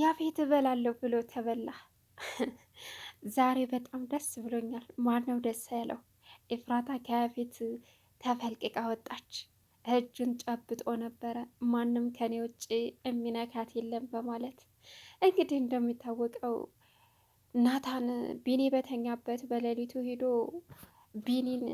ያፌት እበላለሁ ብሎ ተበላ። ዛሬ በጣም ደስ ብሎኛል። ማነው ደስ ያለው? ኤፍራታ ከያፌት ተፈልቅቃ ወጣች። እጁን ጨብጦ ነበረ። ማንም ከኔ ውጭ የሚነካት የለም በማለት እንግዲህ እንደሚታወቀው ናታን ቢኒ በተኛበት በሌሊቱ ሄዶ ቢኒን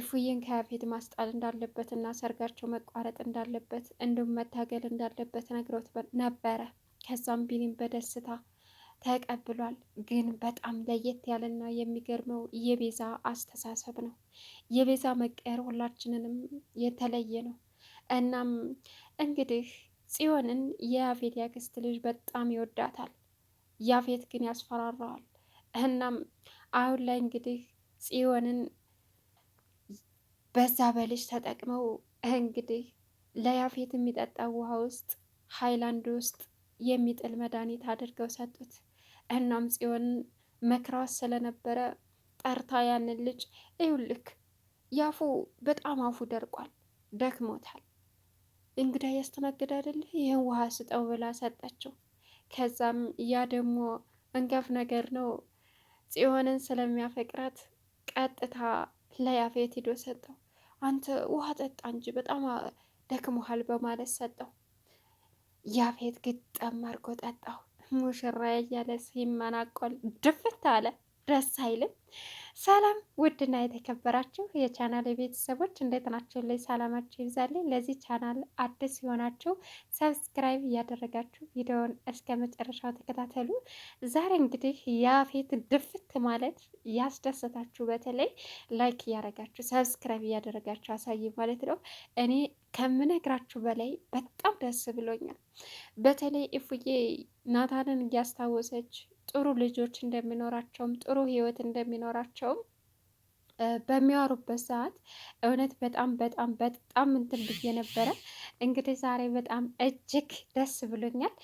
ኢፉዬን ከያፌት ማስጣል እንዳለበት እና ሰርጋቸው መቋረጥ እንዳለበት እንዲሁም መታገል እንዳለበት ነግሮት ነበረ። ከዛም ቢኒም በደስታ ተቀብሏል። ግን በጣም ለየት ያለና የሚገርመው የቤዛ አስተሳሰብ ነው። የቤዛ መቀየር ሁላችንንም የተለየ ነው። እናም እንግዲህ ጽዮንን የያፌት ያክስት ልጅ በጣም ይወዳታል። ያፌት ግን ያስፈራራዋል። እናም አሁን ላይ እንግዲህ ጽዮንን በዛ በልጅ ተጠቅመው እንግዲህ ለያፌት የሚጠጣ ውሃ ውስጥ ሀይላንድ ውስጥ የሚጥል መድኃኒት አድርገው ሰጡት። እናም ጽዮን መክራዋት ስለነበረ ጠርታ ያንን ልጅ እዩልክ ያፉ በጣም አፉ ደርቋል፣ ደክሞታል፣ እንግዳ ያስተናግድ አይደለ ይህን ውሃ ስጠው ብላ ሰጠችው። ከዛም ያ ደግሞ እንገፍ ነገር ነው ጽዮንን ስለሚያፈቅራት ቀጥታ ለያፌት ሂዶ ሰጠው። አንተ ውሃ ጠጣ እንጂ በጣም ደክሞሃል በማለት ሰጠው። ያፌት ግጥም አድርጎ ጠጣው። ሙሽራ እያለ ሲመናቆል ድፍት አለ። ደስ አይልም። ሰላም ውድና የተከበራችሁ የቻናል የቤተሰቦች እንዴት ናቸው? ላይ ሰላማችሁ ይብዛልኝ። ለዚህ ቻናል አዲስ የሆናችሁ ሰብስክራይብ እያደረጋችሁ ቪዲዮውን እስከ መጨረሻው ተከታተሉ። ዛሬ እንግዲህ ያፌት ድፍት ማለት ያስደሰታችሁ በተለይ ላይክ እያደረጋችሁ ሰብስክራይብ እያደረጋችሁ አሳይ ማለት ነው። እኔ ከምነግራችሁ በላይ በጣም ደስ ብሎኛል። በተለይ እፉዬ ናታንን እያስታወሰች ጥሩ ልጆች እንደሚኖራቸውም ጥሩ ህይወት እንደሚኖራቸውም በሚያወሩበት ሰዓት እውነት በጣም በጣም በጣም እንትን ብዬ ነበረ። እንግዲህ ዛሬ በጣም እጅግ ደስ ብሎኛል።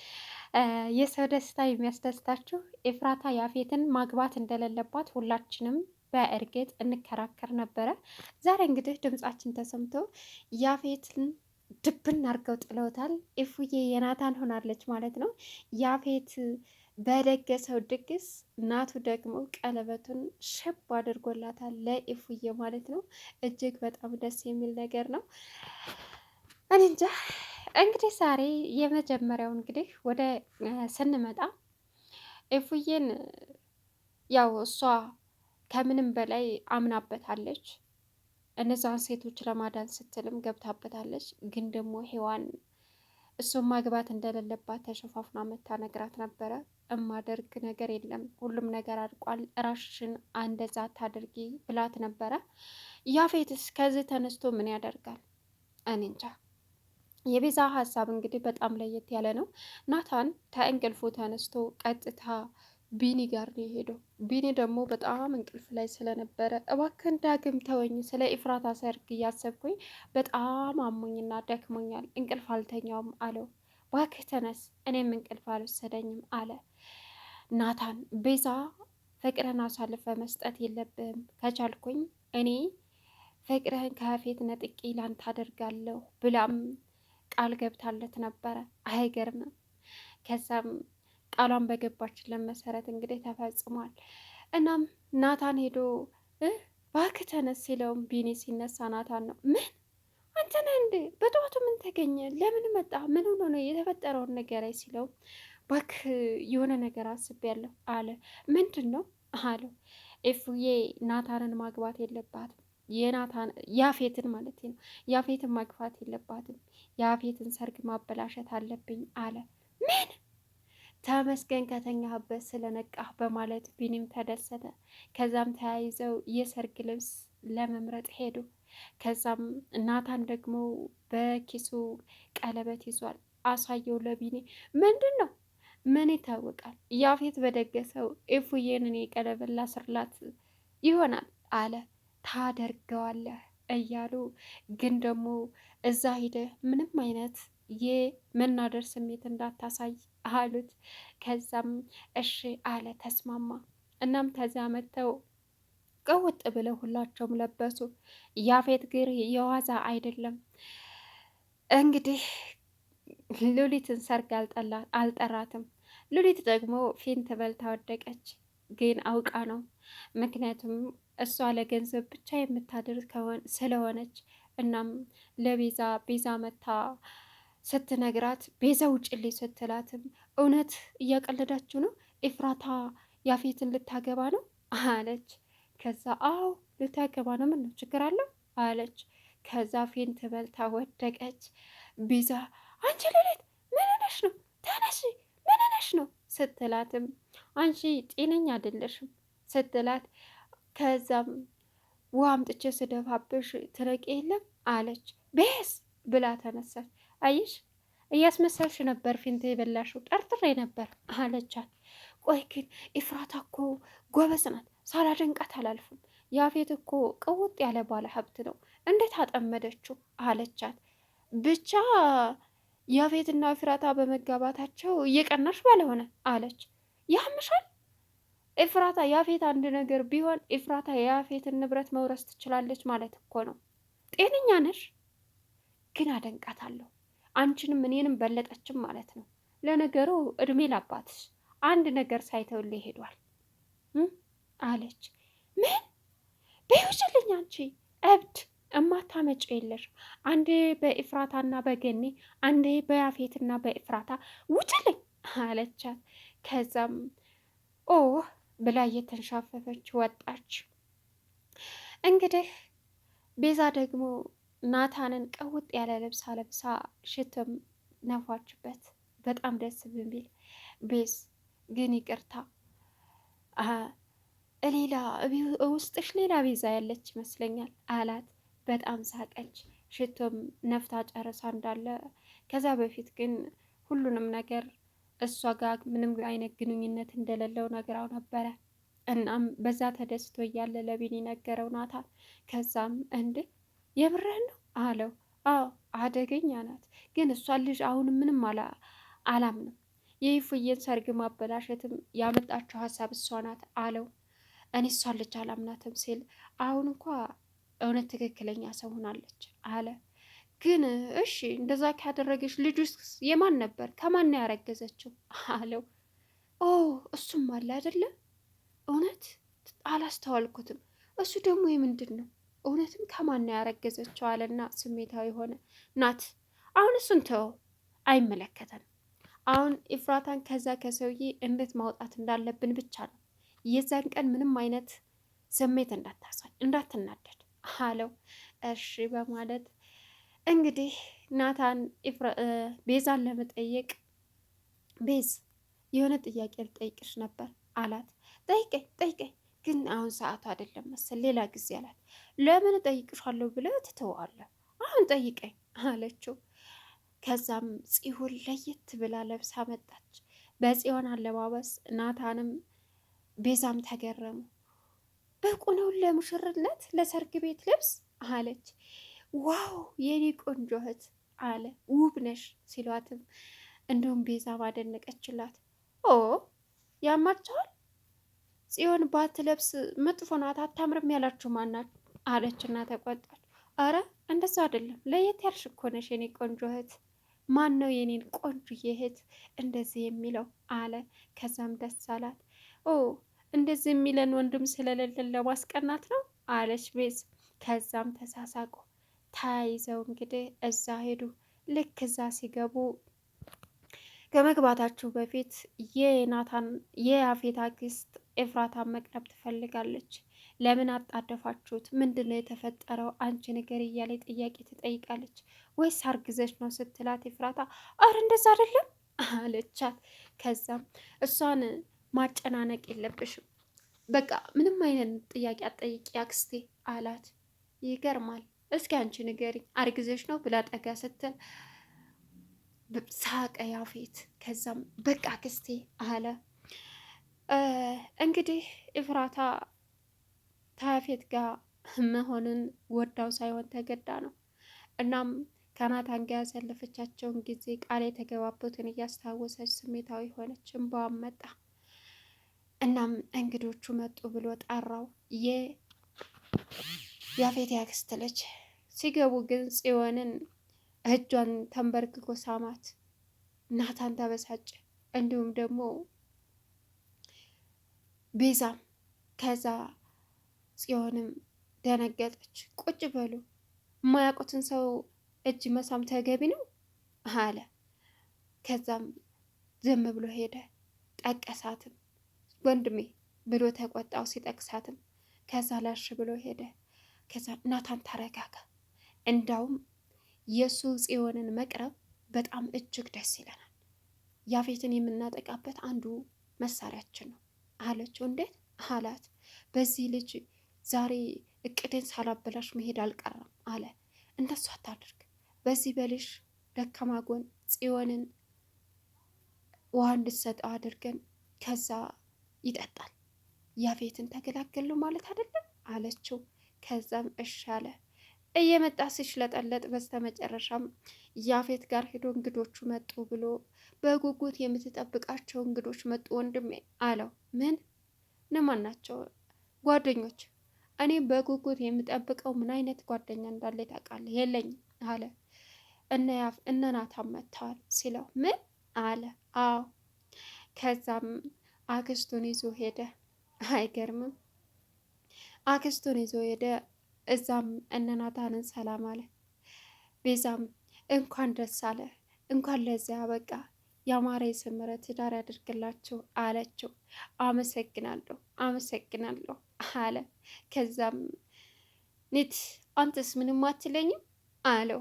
የሰው ደስታ የሚያስደስታችሁ ኤፍራታ ያፌትን ማግባት እንደሌለባት ሁላችንም በእርግጥ እንከራከር ነበረ። ዛሬ እንግዲህ ድምጻችን ተሰምቶ ያፌትን ድብን አድርገው ጥለውታል። ኢፉዬ የናታን ሆናለች ማለት ነው ያፌት በደገሰው ድግስ እናቱ ደግሞ ቀለበቱን ሽብ አድርጎላታል ለኢፉዬ ማለት ነው። እጅግ በጣም ደስ የሚል ነገር ነው። እኔ እንጃ እንግዲህ ዛሬ የመጀመሪያው እንግዲህ ወደ ስንመጣ ኢፉዬን ያው እሷ ከምንም በላይ አምናበታለች። እነዛን ሴቶች ለማዳን ስትልም ገብታበታለች። ግን ደግሞ ሔዋን እሱን ማግባት እንደሌለባት ተሸፋፍና መታ ነግራት ነበረ። እማደርግ ነገር የለም፣ ሁሉም ነገር አድቋል፣ ራሽን አንደዛ ታድርጊ ብላት ነበረ። ያፌትስ ከዚህ ተነስቶ ምን ያደርጋል? እኔ እንጃ። የቤዛ ሀሳብ እንግዲህ በጣም ለየት ያለ ነው። ናታን ከእንቅልፉ ተነስቶ ቀጥታ ቢኒ ጋር ነው የሄደው። ቢኒ ደግሞ በጣም እንቅልፍ ላይ ስለነበረ እባክን ዳግም ተወኝ፣ ስለ ኢፍራታ ሰርግ እያሰብኩኝ በጣም አሞኝና ደክሞኛል፣ እንቅልፍ አልተኛውም አለው። እባክህ ተነስ፣ እኔም እንቅልፍ አልወሰደኝም አለ። ናታን ቤዛ ፍቅርን አሳልፈ መስጠት የለብህም። ከቻልኩኝ እኔ ፍቅርህን ከፊት ነጥቄ ላንተ አደርጋለሁ ብላም ቃል ገብታለት ነበረ። አይገርምም? ከዛም ቃሏን በገባችለን መሰረት እንግዲህ ተፈጽሟል። እናም ናታን ሄዶ እባክህ ተነስ ሲለውም ቢኒ ሲነሳ ናታን ነው። ምን አንተ ነህ እንዴ? በጠዋቱ ምን ተገኘ? ለምን መጣ? ምን ሆኖ ነው የተፈጠረውን ነገር ሲለውም እባክህ የሆነ ነገር አስቤያለሁ አለ። ምንድን ነው አለው። ኤፉዬ ናታንን ማግባት የለባትም የናታን ያፌትን ማለት ነው። ያፌትን ማግፋት የለባትም። ያፌትን ሰርግ ማበላሸት አለብኝ አለ። ምን ተመስገን ከተኛህበት ስለነቃህ በማለት ቢኒም ተደሰተ። ከዛም ተያይዘው የሰርግ ልብስ ለመምረጥ ሄዱ። ከዛም ናታን ደግሞ በኪሱ ቀለበት ይዟል። አሳየው ለቢኒ ምንድን ነው ምን ይታወቃል? ያፌት በደገሰው ኤፉዬን እኔ ቀለበላ ስርላት ይሆናል አለ ታደርገዋለህ እያሉ ግን ደግሞ እዛ ሂደህ ምንም አይነት የመናደር ስሜት እንዳታሳይ አሉት። ከዛም እሺ አለ ተስማማ። እናም ከዚያ መጥተው ቀውጥ ብለው ሁላቸውም ለበሱ። ያፌት ግር የዋዛ አይደለም እንግዲህ ሉሊትን ሰርግ አልጠራትም። ሉሊት ደግሞ ፊን ትበል ታወደቀች፣ ግን አውቃ ነው። ምክንያቱም እሷ ለገንዘብ ብቻ የምታደርግ ስለሆነች እናም ለቤዛ ቤዛ መታ ስትነግራት ቤዛ ውጭልኝ ስትላትም እውነት እያቀለዳችሁ ነው ኤፍራታ ያፌትን ልታገባ ነው አለች። ከዛ አዎ ልታገባ ነው፣ ምን ነው ችግር አለው አለች። ከዛ ፊን ትበልታ ወደቀች ቤዛ አንቺ ሌሊት ምን ሆነሽ ነው? ተነሺ፣ ምን ሆነሽ ነው ስትላትም አንቺ ጤነኛ አይደለሽም ስትላት ከዛም ውሃ አምጥቼ ስደፋብሽ ትረቂ የለም አለች። ቤስ ብላ ተነሳች። አይሽ እያስመሰልሽ ነበር ፊንት የበላሽው ጠርጥሬ ነበር አለቻት። ቆይ ግን ኢፍራታ እኮ ጎበዝ ናት፣ ሳላደንቃት አላልፍም። ያፌት እኮ ቅውጥ ያለ ባለ ሀብት ነው፣ እንዴት አጠመደችው አለቻት ብቻ ያፌትና ፍራታ በመጋባታቸው እየቀናሽ ባለሆነ አለች። ያምሻል ኤፍራታ ያፌት አንድ ነገር ቢሆን ኤፍራታ የያፌትን ንብረት መውረስ ትችላለች ማለት እኮ ነው። ጤነኛ ነሽ ግን አደንቃታለሁ። አንቺንም እኔንም በለጠችም ማለት ነው። ለነገሩ እድሜ ላባትሽ አንድ ነገር ሳይተውል ይሄዷል አለች። ምን በይውጭልኝ አንቺ እብድ እማታመጭ የለሽ አንዴ በኤፍራታና በገኔ አንዴ በያፌትና በእፍራታ ውጭልኝ አለቻት። ከዛም ኦ ብላ እየተንሻፈፈች ወጣች። እንግዲህ ቤዛ ደግሞ ናታንን ቀውጥ ያለ ልብስ አለብሳ ሽትም ነፏችበት። በጣም ደስ በሚል ቤዝ ግን ይቅርታ ሌላ ውስጥሽ ሌላ ቤዛ ያለች ይመስለኛል አላት። በጣም ሳቀች። ሽቶም ነፍታ ጨርሳ እንዳለ ከዛ በፊት ግን ሁሉንም ነገር እሷ ጋር ምንም አይነት ግንኙነት እንደሌለው ነግራው ነበረ። እናም በዛ ተደስቶ እያለ ለቢኒ ነገረው ናታል። ከዛም እንዴ የብረን ነው አለው። አዎ አደገኛ ናት፣ ግን እሷን ልጅ አሁን ምንም አላምንም። የይፉዬን ሰርግ ማበላሸትም ያመጣችው ሀሳብ እሷ ናት አለው። እኔ እሷን ልጅ አላምናትም ሲል አሁን እንኳ እውነት ትክክለኛ ሰው ሆናለች አለ። ግን እሺ እንደዛ ካደረገች ልጁስ የማን ነበር? ከማን ነው ያረገዘችው አለው። ኦ እሱም አለ አይደለም? እውነት አላስተዋልኩትም። እሱ ደግሞ የምንድን ነው? እውነትም ከማን ነው ያረገዘችው አለና ስሜታዊ ሆነ። ናት አሁን እሱን ተው፣ አይመለከተን። አሁን ኢፍራታን ከዛ ከሰውዬ እንዴት ማውጣት እንዳለብን ብቻ ነው። የዛን ቀን ምንም አይነት ስሜት እንዳታሳይ፣ እንዳትናደድ አለው። እሺ በማለት እንግዲህ ናታን ቤዛን ለመጠየቅ ቤዝ የሆነ ጥያቄ ልጠይቅሽ ነበር አላት። ጠይቀኝ ጠይቀኝ፣ ግን አሁን ሰዓቱ አይደለም መሰል ሌላ ጊዜ አላት። ለምን እጠይቅሻለሁ ብለ ትተዋለ፣ አሁን ጠይቀኝ አለችው። ከዛም ጽሁን ለየት ብላ ለብሳ መጣች። በጽዮን አለባበስ ናታንም ቤዛም ተገረሙ። ብቁ ለሙሽርነት ለሰርግ ቤት ልብስ አለች። ዋው የኔ ቆንጆ እህት አለ ውብ ነሽ ሲሏትም እንዲሁም ቤዛ ባደነቀችላት። ኦ ያማቸዋል ጽዮን ባትለብስ መጥፎ ናት አታምርም ያላችሁ ማናት አለችና ተቆጣች። አረ እንደዛ አይደለም ለየት ያልሽ እኮ ነሽ የኔ ቆንጆ እህት ማን ነው የኔን ቆንጆ እህት እንደዚህ የሚለው አለ። ከዛም ደስ አላት። ኦ እንደዚህ የሚለን ወንድም ስለሌለን ለማስቀናት ነው አለች ቤዝ። ከዛም ተሳሳቁ። ተያይዘው እንግዲህ እዛ ሄዱ። ልክ እዛ ሲገቡ ከመግባታችሁ በፊት የናታን የአፌት አክስት ኤፍራታን መቅረብ ትፈልጋለች። ለምን አጣደፋችሁት? ምንድን ነው የተፈጠረው? አንቺ ነገር እያለ ጥያቄ ትጠይቃለች። ወይስ አርግዘች ነው ስትላት ኤፍራታ አረ እንደዛ አይደለም አለቻት። ከዛም እሷን ማጨናነቅ የለብሽም። በቃ ምንም አይነት ጥያቄ አጠይቂ አክስቴ አላት። ይገርማል። እስኪ አንቺ ንገሪ አርግዘሽ ነው ብላ ጠጋ ስትል ሳቀ ያፌት። ከዛም በቃ አክስቴ አለ። እንግዲህ ኢፍራታ ታያፌት ጋር መሆንን ወዳው ሳይሆን ተገዳ ነው። እናም ከናታን ጋር ያሳለፈቻቸውን ጊዜ ቃል የተገባበትን እያስታወሰች ስሜታዊ ሆነች። እንባዋም መጣ። እናም እንግዶቹ መጡ ብሎ ጠራው። የያፌት ያክስት ልጅ ሲገቡ ግን ጽዮንን እጇን ተንበርክኮ ሳማት። ናታን ተበሳጨ። እንዲሁም ደግሞ ቤዛም ከዛ ጽዮንም ደነገጠች። ቁጭ በሉ የማያውቁትን ሰው እጅ መሳም ተገቢ ነው አለ። ከዛም ዝም ብሎ ሄደ። ጠቀሳትም ወንድሜ ብሎ ተቆጣው ሲጠቅሳትም፣ ከዛ ላሽ ብሎ ሄደ። ከዛ ናታን ተረጋጋ። እንዳውም የእሱ ጽዮንን መቅረብ በጣም እጅግ ደስ ይለናል። ያፌትን የምናጠቃበት አንዱ መሳሪያችን ነው አለችው። እንዴት አላት። በዚህ ልጅ ዛሬ እቅድን ሳላበላሽ መሄድ አልቀረም አለ። እንደሱ አታድርግ። በዚህ በልሽ ደካማ ጎን ጽዮንን ውሃ እንድትሰጠው አድርገን ከዛ ይጠጣል። ያፌትን ተገላገሉ ማለት አይደለም አለችው። ከዛም እሺ አለ። እየመጣ ሲሽለጠለጥ በስተመጨረሻም ያፌት ጋር ሄዶ እንግዶቹ መጡ ብሎ በጉጉት የምትጠብቃቸው እንግዶች መጡ ወንድሜ አለው። ምን እነማን ናቸው? ጓደኞች። እኔ በጉጉት የምጠብቀው ምን አይነት ጓደኛ እንዳለ ታውቃለህ? የለኝ አለ። እነ ናታን መጥተዋል ሲለው ምን አለ? አዎ ከዛም አክስቱን ይዞ ሄደ። አይገርምም? አክስቱን ይዞ ሄደ። እዛም እነናታንን ሰላም አለ። ቤዛም እንኳን ደስ አለ፣ እንኳን ለዚያ በቃ ያማረ የሰመረ ትዳር ያደርግላቸው አለችው። አመሰግናለሁ አመሰግናለሁ አለ። ከዛም ኔት አንተስ ምንም አትለኝም አለው።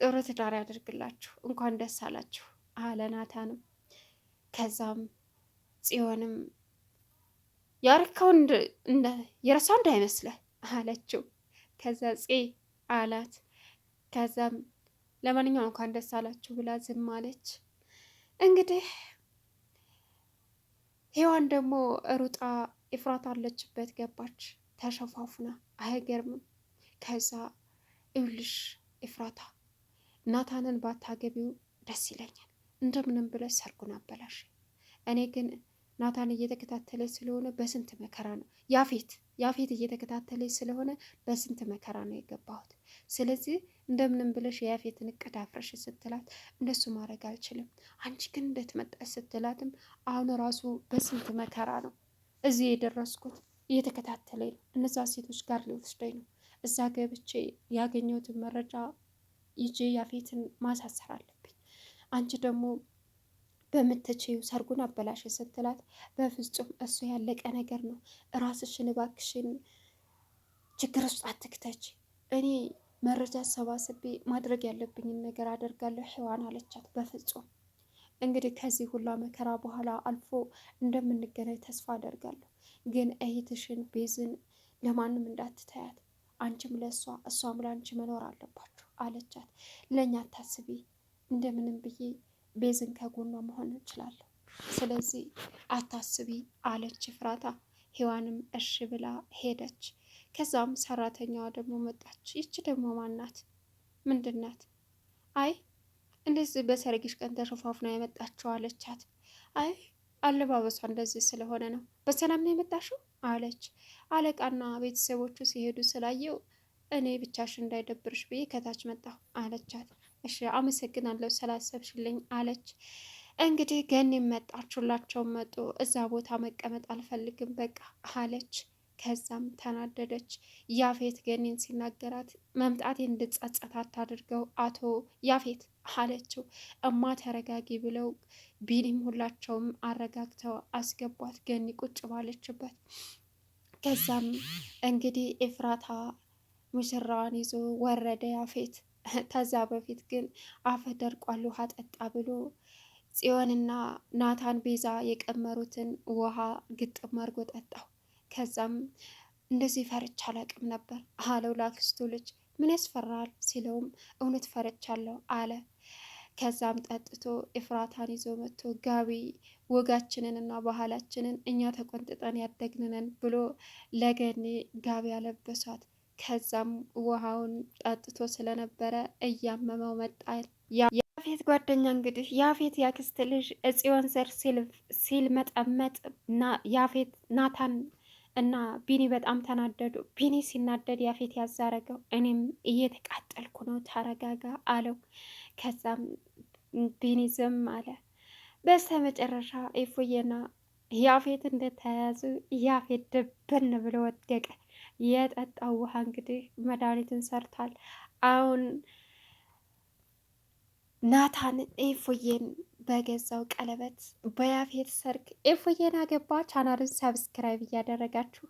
ጥሩ ትዳር ያደርግላችሁ እንኳን ደስ አላችሁ አለ ናታንም ከዛም ጽዮንም ያረካውን የረሳ እንዳይመስልህ አለችው። ከዛ ጽ አላት። ከዛም ለማንኛውም እንኳን ደስ አላችሁ ብላ ዝም አለች። እንግዲህ ሔዋን ደግሞ ሩጣ ኤፍራት አለችበት ገባች ተሸፋፉና። አይገርምም። ከዛ ይኸውልሽ ኤፍራታ ናታንን ባታገቢው ደስ ይለኛል፣ እንደምንም ብለሽ ሰርጉን አበላሽ። እኔ ግን ናታን እየተከታተለች ስለሆነ በስንት መከራ ነው ያፌት ያፌት እየተከታተለች ስለሆነ በስንት መከራ ነው የገባሁት። ስለዚህ እንደምንም ብለሽ የያፌትን እቅድ አፍረሽ ስትላት እንደሱ ማድረግ አልችልም፣ አንቺ ግን እንደትመጣ ስትላትም አሁን ራሱ በስንት መከራ ነው እዚህ የደረስኩት። እየተከታተለ ነው፣ እነዛ ሴቶች ጋር ሊወስደኝ ነው። እዛ ገብቼ ያገኘሁትን መረጃ ይዤ ያፌትን ማሳሰር አለብኝ። አንቺ ደግሞ በምትችዩ ሰርጉን አበላሽ ስትላት፣ በፍጹም እሱ ያለቀ ነገር ነው፣ እራስሽን እባክሽን ችግር ውስጥ አትክተች፣ እኔ መረጃ ሰባስቤ ማድረግ ያለብኝን ነገር አደርጋለሁ ሔዋን አለቻት። በፍጹም እንግዲህ ከዚህ ሁላ መከራ በኋላ አልፎ እንደምንገናኝ ተስፋ አደርጋለሁ። ግን እህትሽን ቤዝን ለማንም እንዳትታያት፣ አንቺም ለእሷ እሷም ለአንቺ መኖር አለባችሁ አለቻት። ለእኛ አታስቢ እንደምንም ብዬ ቤዝን ከጎኗ መሆን እችላለሁ። ስለዚህ አታስቢ አለች ፍራታ። ሔዋንም እሺ ብላ ሄደች። ከዛም ሰራተኛዋ ደግሞ መጣች። ይቺ ደግሞ ማናት? ምንድናት? አይ እንደዚህ በሰርግሽ ቀን ተሸፋፍና የመጣችው አለቻት። አይ አለባበሷ እንደዚህ ስለሆነ ነው። በሰላም ነው የመጣሽው አለች። አለቃና ቤተሰቦቹ ሲሄዱ ስላየው እኔ ብቻሽ እንዳይደብርሽ ብዬ ከታች መጣሁ አለቻት። እሺ አመሰግናለሁ ስላሰብሽልኝ አለች። እንግዲህ ገኒ መጣችሁላቸው መጡ። እዛ ቦታ መቀመጥ አልፈልግም በቃ አለች። ከዛም ተናደደች። ያፌት ገኒን ሲናገራት መምጣቴ እንድጸጸት አታድርገው አቶ ያፌት አለችው። እማ ተረጋጊ ብለው ቢኒም ሁላቸውም አረጋግተው አስገቧት ገኒ ቁጭ ባለችበት። ከዛም እንግዲህ ኤፍራታ ሙሽራዋን ይዞ ወረደ ያፌት ከዛ በፊት ግን አፈ ደርቋል ውሃ ጠጣ ብሎ ጽዮንና ናታን ቤዛ የቀመሩትን ውሃ ግጥም አድርጎ ጠጣው። ከዛም እንደዚህ ፈርቻ አላቅም ነበር አለው ላክስቱ ልጅ። ምን ያስፈራል ሲለውም እውነት ፈርቻለሁ አለ። ከዛም ጠጥቶ ኤፍራታን ይዞ መጥቶ ጋቢ ወጋችንን እና ባህላችንን እኛ ተቆንጥጠን ያደግንነን ብሎ ለገኔ ጋቢ አለበሷት። ከዛም ውሃውን ጠጥቶ ስለነበረ እያመመው መጣ። ያፌት ጓደኛ እንግዲህ ያፌት ያክስት ልጅ እጽዮን ዘር ሲል መጠመጥ ያፌት ናታን እና ቢኒ በጣም ተናደዱ። ቢኒ ሲናደድ ያፌት ያዛረገው እኔም እየተቃጠልኩ ነው ተረጋጋ አለው። ከዛም ቢኒ ዝም አለ። በስተ መጨረሻ ኢፉዬና ያፌት እንደተያያዙ ያፌት ድብን ብሎ ወደቀ። የጠጣው ውሃ እንግዲህ መድኃኒትን ሰርታል። አሁን ናታን ኢፉዬን በገዛው ቀለበት በያፌት ሰርግ ኢፉዬን አገባ። ቻናልን ሰብስክራይብ እያደረጋችሁ